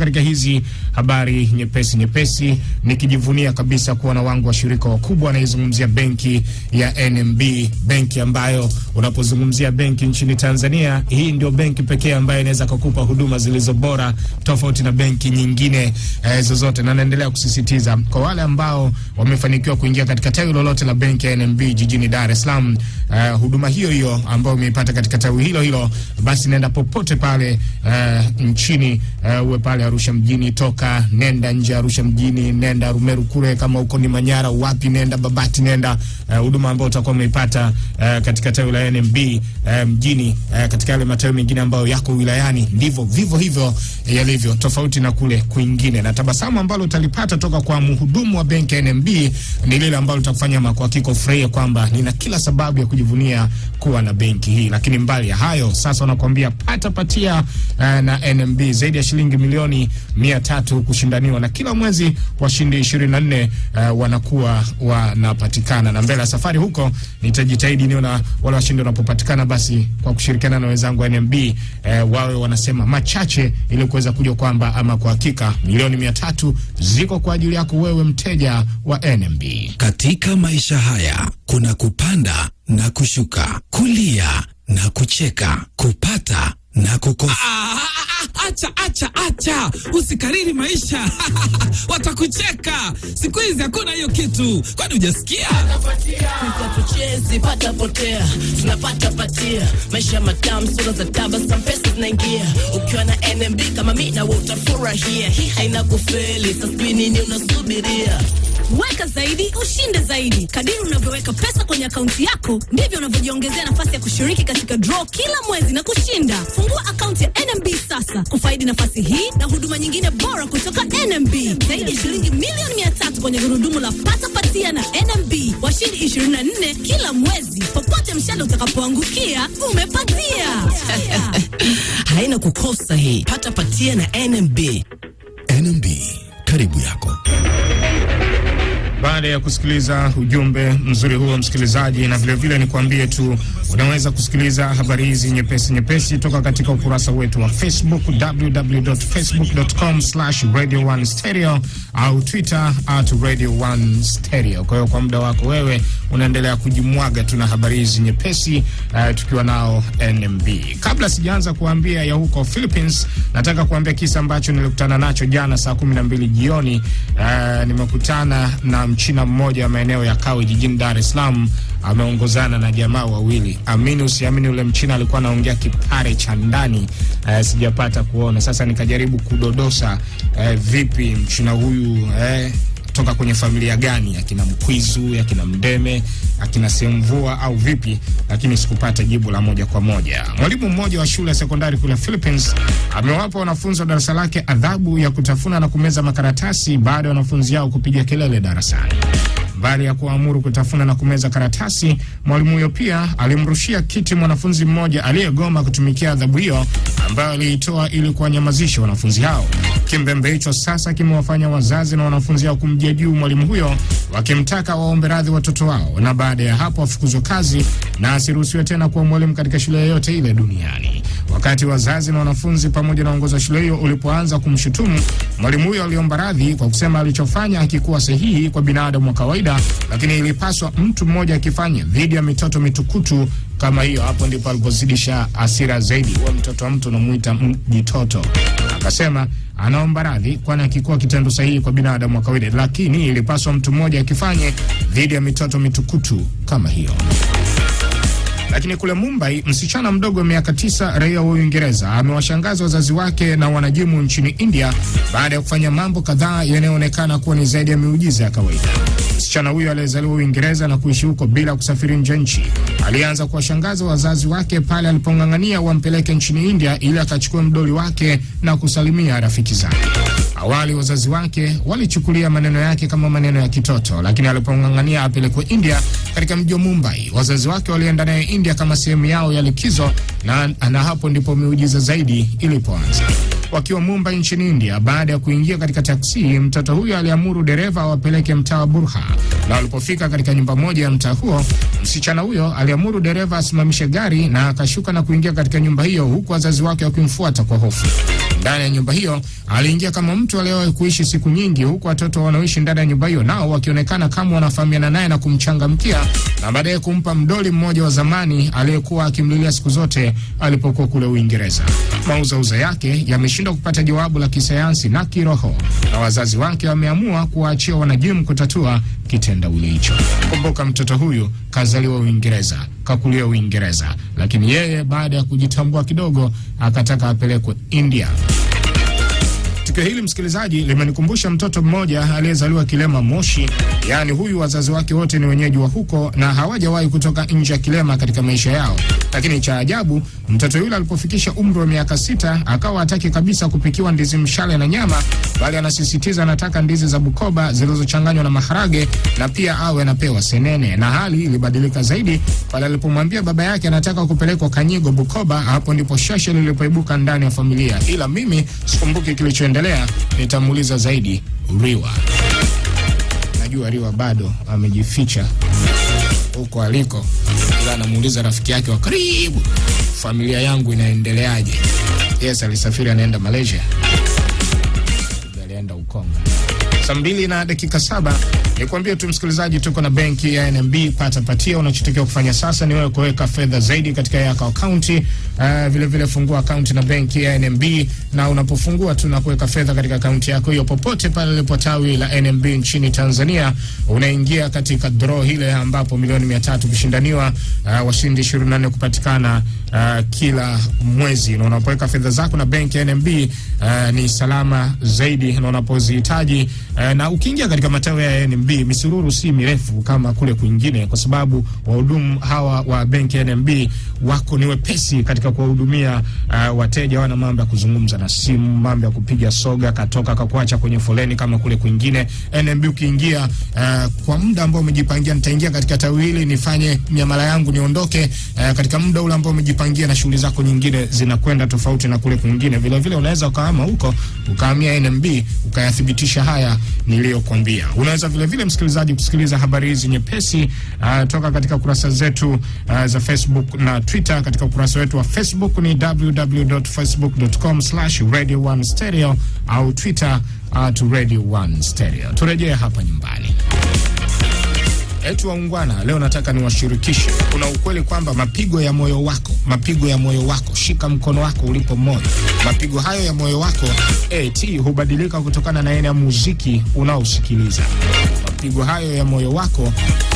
Katika hizi habari nyepesi nyepesi, nikijivunia kabisa kuwa na wangu washirika wakubwa, Anayezungumzia benki ya NMB, benki ambayo unapozungumzia benki nchini Tanzania, hii ndio benki pekee ambayo inaweza kukupa huduma zilizo bora tofauti na benki nyingine eh, zozote. Na naendelea kusisitiza kwa wale ambao wamefanikiwa kuingia katika tawi lolote la benki ya NMB jijini Dar es Salaam, eh, huduma hiyo hiyo ambayo umeipata katika tawi hilo hilo, basi nenda popote pale eh, nchini eh, uwe pale kule Arusha mjini, toka nenda nje ya Arusha mjini, nenda Rumeru kule, kama uko ni Manyara wapi, nenda Babati, nenda eh, huduma uh, ambayo utakuwa umeipata uh, katika tawi la NMB uh, eh, mjini uh, katika yale matawi mengine ambayo yako wilayani, ndivyo vivyo hivyo yalivyo, tofauti na kule kwingine. Na tabasamu ambalo utalipata toka kwa mhudumu wa benki NMB ni lile ambalo litakufanya makwakiko ufurahie kwamba nina kila sababu ya kujivunia kuwa na benki hii. Lakini mbali ya hayo, sasa wanakuambia pata patia uh, na NMB zaidi ya shilingi milioni milioni mia tatu kushindaniwa na kila mwezi washindi 24 uh, eh, wanakuwa wanapatikana, na mbele ya safari huko nitajitahidi niona wale washindi wanapopatikana, basi kwa kushirikiana na wenzangu wa NMB uh, eh, wawe wanasema machache ili kuweza kujua kwamba ama kwa hakika milioni mia tatu ziko kwa ajili yako wewe mteja wa NMB. Katika maisha haya kuna kupanda na kushuka, kulia na kucheka, kupata na kukosa. Ah! acha acha acha, usikariri maisha watakucheka siku hizi, hakuna hiyo kitu. Kwani hujasikia? Tuchezi pata potea, tunapata patia, maisha matamu, sura za tabasamu, pesa zinaingia. Ukiwa na NMB kama mimi na wewe utafurahia, hii haina kufeli, sasa nini unasubiria? Weka zaidi, ushinde zaidi. Kadiri unavyoweka pesa kwenye akaunti yako, ndivyo unavyojiongezea nafasi ya kushiriki katika draw kila mwezi na kushinda. Fungua akaunti ya NMB sasa kufaidi nafasi hii na huduma nyingine bora kutoka NMB. Zaidi ya shilingi milioni mia tatu kwenye gurudumu la pata patia na NMB, washindi 24 kila mwezi. Popote mshale utakapoangukia, umepatia. Haina kukosa hii. Pata patia na NMB. NMB karibu yako. Baada ya kusikiliza ujumbe mzuri huo, msikilizaji, na vilevile nikuambie tu unaweza kusikiliza habari hizi nyepesi nyepesi toka katika ukurasa wetu wa Facebook www.facebook.com/radio1stereo au Twitter @radio1stereo. Kwa hiyo kwa muda wako wewe unaendelea kujimwaga tu na habari hizi nyepesi, uh, tukiwa nao NMB. Kabla sijaanza kuambia ya huko Philippines, nataka kuambia kisa ambacho nilikutana nacho jana saa 12 jioni. Uh, nimekutana na Mchina mmoja wa maeneo ya Kawe jijini Dar es Salaam ameongozana na jamaa wawili. Amini usiamini, ule Mchina alikuwa anaongea Kipare cha ndani eh, sijapata kuona. Sasa nikajaribu kudodosa eh, vipi Mchina huyu eh, kutoka kwenye familia gani, akina Mkwizu, akina Mdeme, akina Semvua au vipi, lakini sikupata jibu la moja kwa moja. Mwalimu mmoja wa shule ya sekondari kule Philippines amewapa wanafunzi wa darasa lake adhabu ya kutafuna na kumeza makaratasi baada ya wanafunzi yao kupiga kelele darasani. Baada ya kuamuru kutafuna na kumeza karatasi, mwalimu huyo pia alimrushia kiti mwanafunzi mmoja aliyegoma kutumikia adhabu hiyo ambayo aliitoa ili kuwanyamazisha wanafunzi hao. Kimbembe hicho sasa kimewafanya wazazi na wanafunzi hao kumjia juu mwalimu huyo, wakimtaka waombe radhi watoto wao, na baada ya hapo afukuzwe kazi na asiruhusiwe tena kuwa mwalimu katika shule yoyote ile duniani wakati wazazi na wanafunzi pamoja na uongozi wa shule hiyo ulipoanza kumshutumu mwalimu huyo, aliomba radhi kwa kusema alichofanya hakikuwa sahihi kwa binadamu wa kawaida, lakini ilipaswa mtu mmoja akifanye dhidi ya mitoto mitukutu kama hiyo. Hapo ndipo alipozidisha asira zaidi. Huwa mtoto wa mtu unamuita mjitoto. Akasema anaomba radhi, kwani akikuwa kitendo sahihi kwa binadamu wa kawaida, lakini ilipaswa mtu mmoja akifanye dhidi ya mitoto mitukutu kama hiyo. Lakini kule Mumbai, msichana mdogo wa miaka tisa, raia wa Uingereza, amewashangaza wazazi wake na wanajimu nchini India baada ya kufanya mambo kadhaa yanayoonekana kuwa ni zaidi ya miujiza ya kawaida. Msichana huyo aliyezaliwa Uingereza na kuishi huko bila kusafiri nje nchi alianza kuwashangaza wazazi wake pale alipong'ang'ania wampeleke nchini India ili akachukua mdoli wake na kusalimia rafiki zake. Awali wazazi wake walichukulia maneno yake kama maneno ya kitoto, lakini alipong'ang'ania apelekwe India, katika mji wa Mumbai. Wazazi wake walienda naye India kama sehemu yao ya likizo na, na hapo ndipo miujiza zaidi ilipoanza. Wakiwa Mumbai nchini India, baada ya kuingia katika taksi, mtoto huyo aliamuru dereva awapeleke mtaa wa Burha, na walipofika katika nyumba moja ya mtaa huo, msichana huyo aliamuru dereva asimamishe gari na akashuka na kuingia katika nyumba hiyo, huku wazazi wake wakimfuata kwa hofu ndani ya nyumba hiyo aliingia kama mtu aliyewahi kuishi siku nyingi, huku watoto wanaoishi ndani ya nyumba hiyo nao wakionekana kama wanafahamiana naye na kumchangamkia na baadaye kumpa mdoli mmoja wa zamani aliyekuwa akimlilia siku zote alipokuwa kule Uingereza. Mauzauza yake yameshindwa kupata jawabu la kisayansi na kiroho, na wazazi wake wameamua kuwaachia wanajimu kutatua kitendawili hicho. Kumbuka mtoto huyu kazaliwa Uingereza kakulia Uingereza, lakini yeye baada ya kujitambua kidogo akataka apelekwe India. Tukio hili msikilizaji, limenikumbusha mtoto mmoja aliyezaliwa Kilema Moshi. Yaani huyu wazazi wake wote ni wenyeji wa huko na hawajawahi kutoka nje ya Kilema katika maisha yao, lakini cha ajabu, mtoto yule alipofikisha umri wa miaka sita akawa hataki kabisa kupikiwa ndizi mshale na nyama, bali anasisitiza anataka ndizi za Bukoba zilizochanganywa na maharage na pia awe anapewa senene. Na hali ilibadilika zaidi pale alipomwambia baba yake anataka kupelekwa Kanyigo Bukoba. Hapo ndipo shasha lilipoibuka ndani ya familia, ila mimi sikumbuki kilichoendelea tukiendelea nitamuuliza zaidi Riwa. Najua Riwa bado amejificha huko aliko, ila anamuuliza rafiki yake wa karibu, familia yangu inaendeleaje? Yes, alisafiri anaenda Malaysia, alienda Ukonga. Saa mbili na dakika saba ni kuambia tu msikilizaji, tuko na benki ya NMB. Pata patia. Unachotakiwa kufanya sasa ni wewe kuweka fedha zaidi katika yako akaunti. Uh, eh, vile vile fungua akaunti na benki ya NMB, na unapofungua tu na kuweka fedha katika akaunti yako hiyo, popote pale lipo tawi la NMB nchini Tanzania, unaingia katika draw hile ambapo milioni 300 kushindaniwa, uh, eh, washindi 24 kupatikana uh, kila mwezi, na unapoweka fedha zako na benki ya NMB uh, ni salama zaidi na unapozihitaji uh, na ukiingia katika matawi ya NMB NMB misururu si mirefu kama kule kwingine, kwa sababu wahudumu hawa wa benki NMB wako ni wepesi katika kuwahudumia uh, wateja. Wana mambo ya kuzungumza na simu, mambo ya kupiga soga, katoka kakuacha kwenye foleni kama kule kwingine. NMB ukiingia, uh, kwa muda ambao umejipangia, nitaingia katika tawi hili nifanye miamala yangu niondoke, uh, katika muda ule ambao umejipangia, na shughuli zako nyingine zinakwenda tofauti na kule kwingine. Vile vile unaweza ukahama huko ukahamia NMB ukayathibitisha haya niliyokuambia, Unaweza vile vile vile msikilizaji, kusikiliza habari hizi nyepesi uh, toka katika kurasa zetu uh, za Facebook na Twitter. Katika ukurasa wetu wa Facebook ni www.facebook.com/radio1stereo au Twitter at uh, radio1stereo. Turejee hapa nyumbani. etu waungwana, leo nataka niwashirikishe, kuna ukweli kwamba mapigo ya moyo wako, mapigo ya moyo wako, shika mkono wako ulipo moyo. Mapigo hayo ya moyo wako eti eh, hubadilika kutokana na aina ya muziki unaosikiliza mapigo hayo ya moyo wako,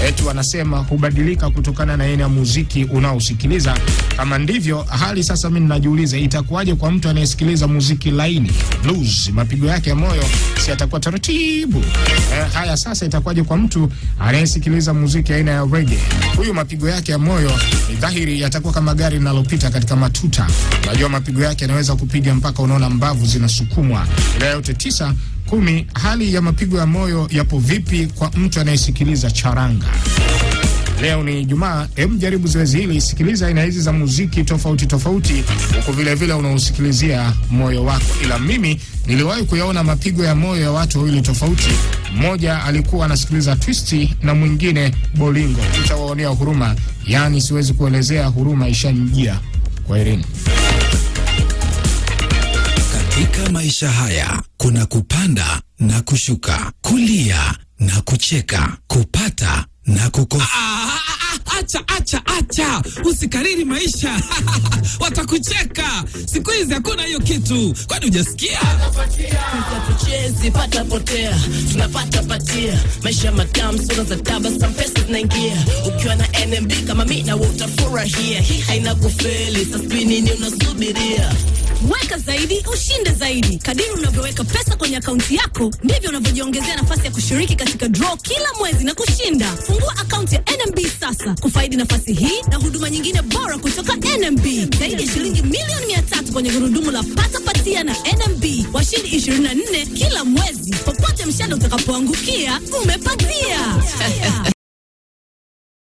eti wanasema hubadilika kutokana na aina ya muziki unaosikiliza. Kama ndivyo hali sasa, mimi ninajiuliza itakuwaje kwa mtu anayesikiliza muziki laini blues, mapigo yake ya moyo si atakuwa taratibu? E, haya sasa, itakuwaje kwa mtu anayesikiliza muziki aina ya reggae? Huyu mapigo yake ya moyo ni dhahiri yatakuwa kama gari linalopita katika matuta. Unajua mapigo yake yanaweza kupiga mpaka unaona mbavu zinasukumwa. Ila yote tisa kumi. Hali ya mapigo ya moyo yapo vipi kwa mtu anayesikiliza charanga? Leo ni Jumaa. Hebu jaribu zoezi hili, sikiliza aina hizi za muziki tofauti tofauti, huku vilevile unausikilizia moyo wako. Ila mimi niliwahi kuyaona mapigo ya moyo ya watu wawili tofauti, mmoja alikuwa anasikiliza twisti na mwingine bolingo. Utawaonea huruma, yaani siwezi kuelezea, huruma ishanijia. Kwaherini maisha haya kuna kupanda na kushuka, kulia na kucheka, kupata na kukosa. Ah, ah, ah, acha, acha, acha, usikariri maisha watakucheka siku hizi, hakuna hiyo kitu, kwani hujasikia? Tuchezi pata potea, tunapata patia, maisha matamu, sura za tabasamu, pesa zinaingia. Ukiwa na NMB kama mimi na utafurahia, hii haina kufeli. Sasa nini unasubiria? Weka zaidi, ushinde zaidi. Kadiri unavyoweka pesa kwenye akaunti yako, ndivyo unavyojiongezea nafasi ya kushiriki katika draw kila mwezi na kushinda. Fungua akaunti ya NMB sasa kufaidi nafasi hii na huduma nyingine bora kutoka NMB. Zaidi ya shilingi milioni mia tatu kwenye gurudumu la pata patia na NMB, washindi 24 kila mwezi. Popote mshale utakapoangukia, umepatia.